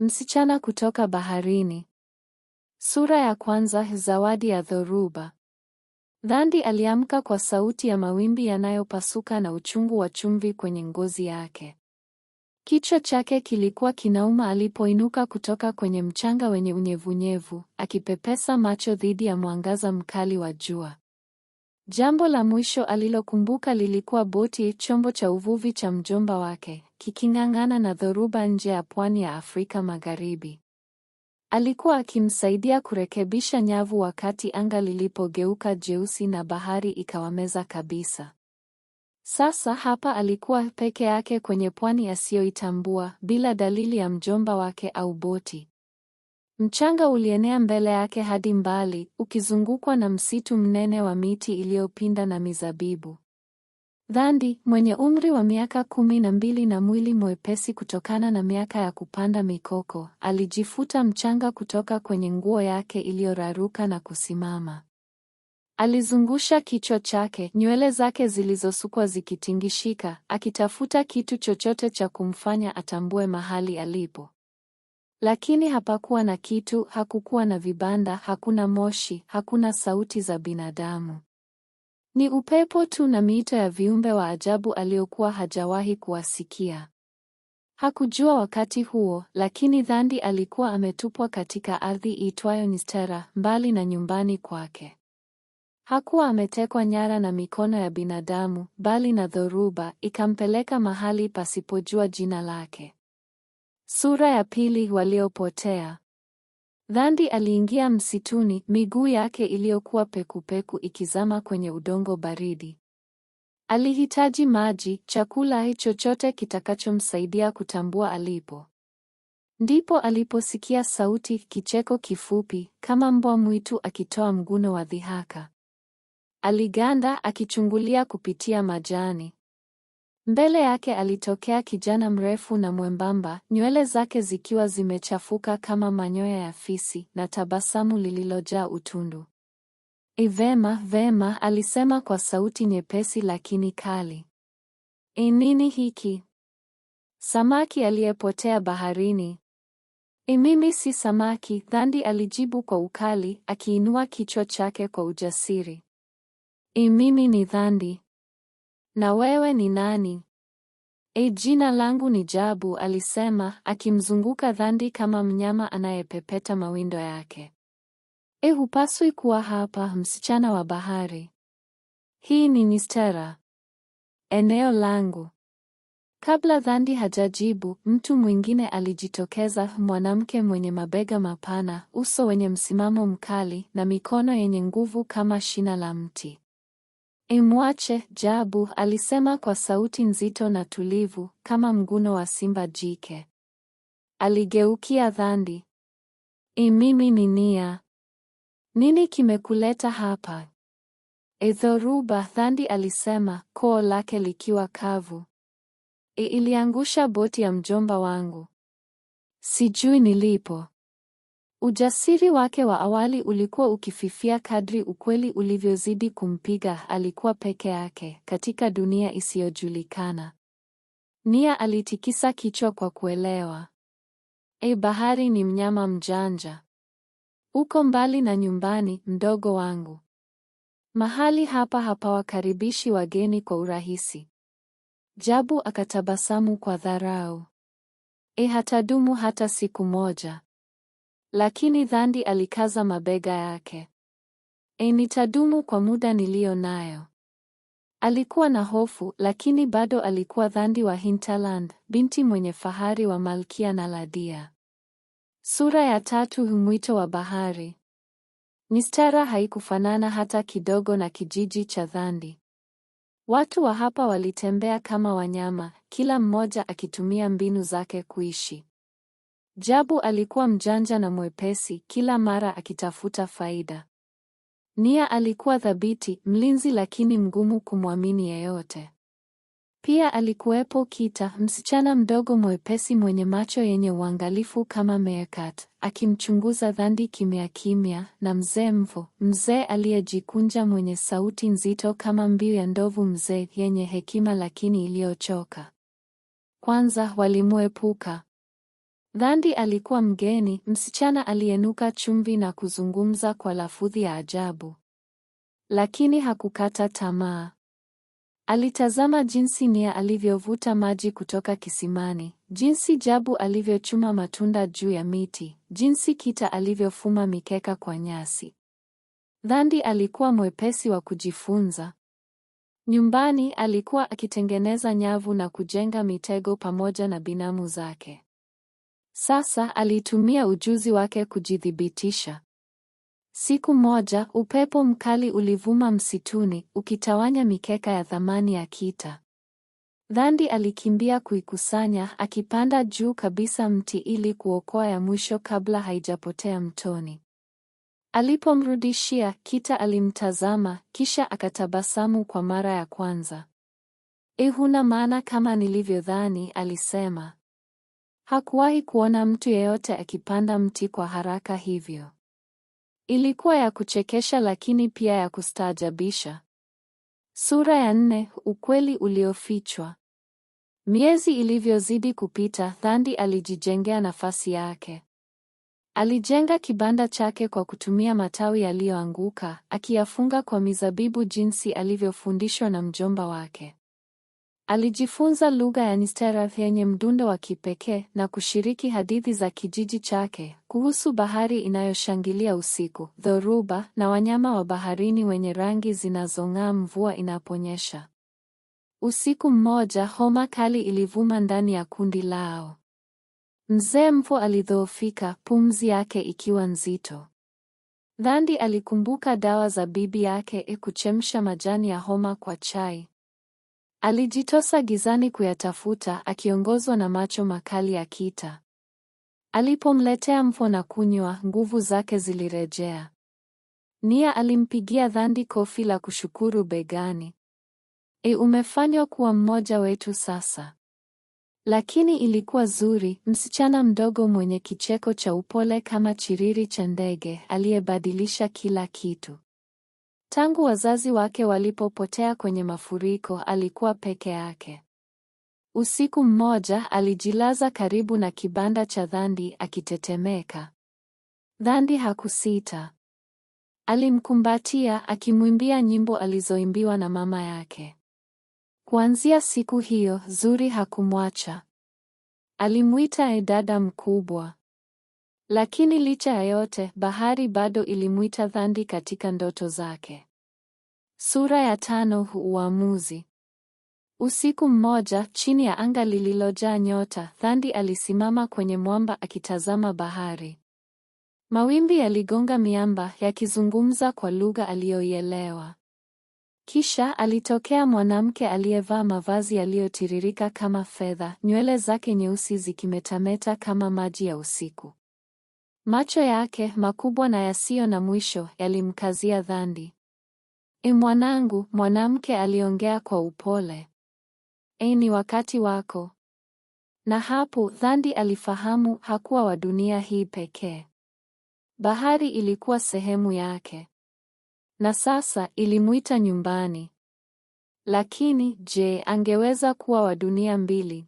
Msichana kutoka baharini. Sura ya kwanza: zawadi ya dhoruba. Dhandi aliamka kwa sauti ya mawimbi yanayopasuka na uchungu wa chumvi kwenye ngozi yake. Kichwa chake kilikuwa kinauma alipoinuka kutoka kwenye mchanga wenye unyevunyevu, akipepesa macho dhidi ya mwangaza mkali wa jua. Jambo la mwisho alilokumbuka lilikuwa boti, chombo cha uvuvi cha mjomba wake, kiking'ang'ana na dhoruba nje ya pwani ya Afrika Magharibi. Alikuwa akimsaidia kurekebisha nyavu wakati anga lilipogeuka jeusi na bahari ikawameza kabisa. Sasa hapa alikuwa peke yake kwenye pwani asiyoitambua, bila dalili ya mjomba wake au boti. Mchanga ulienea mbele yake hadi mbali, ukizungukwa na msitu mnene wa miti iliyopinda na mizabibu. Dhandi mwenye umri wa miaka kumi na mbili na mwili mwepesi kutokana na miaka ya kupanda mikoko, alijifuta mchanga kutoka kwenye nguo yake iliyoraruka na kusimama. Alizungusha kichwa chake, nywele zake zilizosukwa zikitingishika, akitafuta kitu chochote cha kumfanya atambue mahali alipo. Lakini hapakuwa na kitu, hakukuwa na vibanda, hakuna moshi, hakuna sauti za binadamu. Ni upepo tu na miito ya viumbe wa ajabu aliyokuwa hajawahi kuwasikia. Hakujua wakati huo, lakini Thandi alikuwa ametupwa katika ardhi iitwayo Nistera, mbali na nyumbani kwake. Hakuwa ametekwa nyara na mikono ya binadamu, bali na dhoruba ikampeleka mahali pasipojua jina lake. Sura ya pili: waliopotea dhandi aliingia msituni, miguu yake iliyokuwa pekupeku ikizama kwenye udongo baridi. Alihitaji maji, chakula, chochote kitakachomsaidia kutambua alipo. Ndipo aliposikia sauti, kicheko kifupi kama mbwa mwitu akitoa mguno wa dhihaka. Aliganda akichungulia kupitia majani. Mbele yake alitokea kijana mrefu na mwembamba, nywele zake zikiwa zimechafuka kama manyoya ya fisi na tabasamu lililojaa utundu. ivema vema vema, alisema kwa sauti nyepesi lakini kali. E, nini hiki? Samaki aliyepotea baharini? E, mimi si samaki, Thandi alijibu kwa ukali, akiinua kichwa chake kwa ujasiri. E, mimi ni Thandi. Na wewe ni nani? E, jina langu ni Jabu, alisema akimzunguka Dhandi kama mnyama anayepepeta mawindo yake. E, hupaswi kuwa hapa, msichana wa bahari. Hii ni Nistera, eneo langu. Kabla Dhandi hajajibu, mtu mwingine alijitokeza, mwanamke mwenye mabega mapana, uso wenye msimamo mkali na mikono yenye nguvu kama shina la mti. Imwache Jabu, alisema kwa sauti nzito na tulivu kama mguno wa simba jike. Aligeukia Dhandi. I, e, mimi ni Nia. Nini kimekuleta hapa? E, Dhandi alisema, koo lake likiwa kavu. I, e, iliangusha boti ya mjomba wangu. Sijui nilipo. Ujasiri wake wa awali ulikuwa ukififia kadri ukweli ulivyozidi kumpiga. Alikuwa peke yake katika dunia isiyojulikana. Nia alitikisa kichwa kwa kuelewa. E, bahari ni mnyama mjanja. Uko mbali na nyumbani, mdogo wangu. Mahali hapa hapawakaribishi wageni kwa urahisi. Jabu akatabasamu kwa dharau. E, hatadumu hata siku moja. Lakini Dhandi alikaza mabega yake. E, nitadumu kwa muda niliyo nayo. Alikuwa na hofu, lakini bado alikuwa Dhandi wa Hinterland, binti mwenye fahari wa Malkia Naladia. Sura ya tatu: mwito wa bahari. Mistara haikufanana hata kidogo na kijiji cha Dhandi. Watu wa hapa walitembea kama wanyama, kila mmoja akitumia mbinu zake kuishi. Jabu alikuwa mjanja na mwepesi, kila mara akitafuta faida. Nia alikuwa thabiti, mlinzi lakini mgumu kumwamini yeyote. Pia alikuwepo Kita, msichana mdogo mwepesi mwenye macho yenye uangalifu kama meerkat, akimchunguza Dhandi kimya kimya, na mzee Mvo, mzee aliyejikunja mwenye sauti nzito kama mbiu ya ndovu, mzee yenye hekima lakini iliyochoka. Kwanza walimwepuka dhandi alikuwa mgeni, msichana aliyenuka chumvi na kuzungumza kwa lafudhi ya ajabu. Lakini hakukata tamaa. Alitazama jinsi Nia alivyovuta maji kutoka kisimani, jinsi Jabu alivyochuma matunda juu ya miti, jinsi Kita alivyofuma mikeka kwa nyasi. dhandi alikuwa mwepesi wa kujifunza. Nyumbani alikuwa akitengeneza nyavu na kujenga mitego pamoja na binamu zake. Sasa alitumia ujuzi wake kujithibitisha. Siku moja, upepo mkali ulivuma msituni, ukitawanya mikeka ya thamani ya Kita. Dhandi alikimbia kuikusanya, akipanda juu kabisa mti ili kuokoa ya mwisho kabla haijapotea mtoni. Alipomrudishia, Kita alimtazama, kisha akatabasamu kwa mara ya kwanza. Eh, maana kama nilivyodhani, alisema. Hakuwahi kuona mtu yeyote akipanda mti kwa haraka hivyo. Ilikuwa ya kuchekesha lakini pia ya kustaajabisha. Sura ya nne: ukweli uliofichwa. Miezi ilivyozidi kupita, Thandi alijijengea nafasi yake. Alijenga kibanda chake kwa kutumia matawi yaliyoanguka, akiyafunga kwa mizabibu jinsi alivyofundishwa na mjomba wake. Alijifunza lugha ya Nisteroth yenye mdundo wa kipekee na kushiriki hadithi za kijiji chake kuhusu bahari inayoshangilia usiku, dhoruba na wanyama wa baharini wenye rangi zinazong'aa mvua inaponyesha. Usiku mmoja, homa kali ilivuma ndani ya kundi lao. Mzee Mfo alidhoofika, pumzi yake ikiwa nzito. Dhandi alikumbuka dawa za bibi yake, e, kuchemsha majani ya homa kwa chai. Alijitosa gizani kuyatafuta akiongozwa na macho makali ya Kita. Alipomletea mfo na kunywa, nguvu zake zilirejea. Nia alimpigia Dhandi kofi la kushukuru begani. E, umefanywa kuwa mmoja wetu sasa. Lakini ilikuwa Zuri, msichana mdogo mwenye kicheko cha upole kama chiriri cha ndege, aliyebadilisha kila kitu. Tangu wazazi wake walipopotea kwenye mafuriko, alikuwa peke yake. Usiku mmoja alijilaza karibu na kibanda cha Dhandi akitetemeka. Dhandi hakusita. Alimkumbatia akimwimbia nyimbo alizoimbiwa na mama yake. Kuanzia siku hiyo, Zuri hakumwacha. Alimwita e dada mkubwa. Lakini licha ya yote, bahari bado ilimwita dhandi katika ndoto zake. Sura ya tano: Uamuzi. Usiku mmoja, chini ya anga lililojaa nyota, Thandi alisimama kwenye mwamba akitazama bahari. Mawimbi yaligonga miamba, yakizungumza kwa lugha aliyoielewa. Kisha alitokea mwanamke aliyevaa mavazi yaliyotiririka kama fedha, nywele zake nyeusi zikimetameta kama maji ya usiku. Macho yake makubwa na yasiyo na mwisho yalimkazia Thandi. E, mwanangu, mwanamke aliongea kwa upole. E, ni wakati wako. Na hapo Thandi alifahamu hakuwa wa dunia hii pekee. Bahari ilikuwa sehemu yake, na sasa ilimuita nyumbani. Lakini je, angeweza kuwa wa dunia mbili?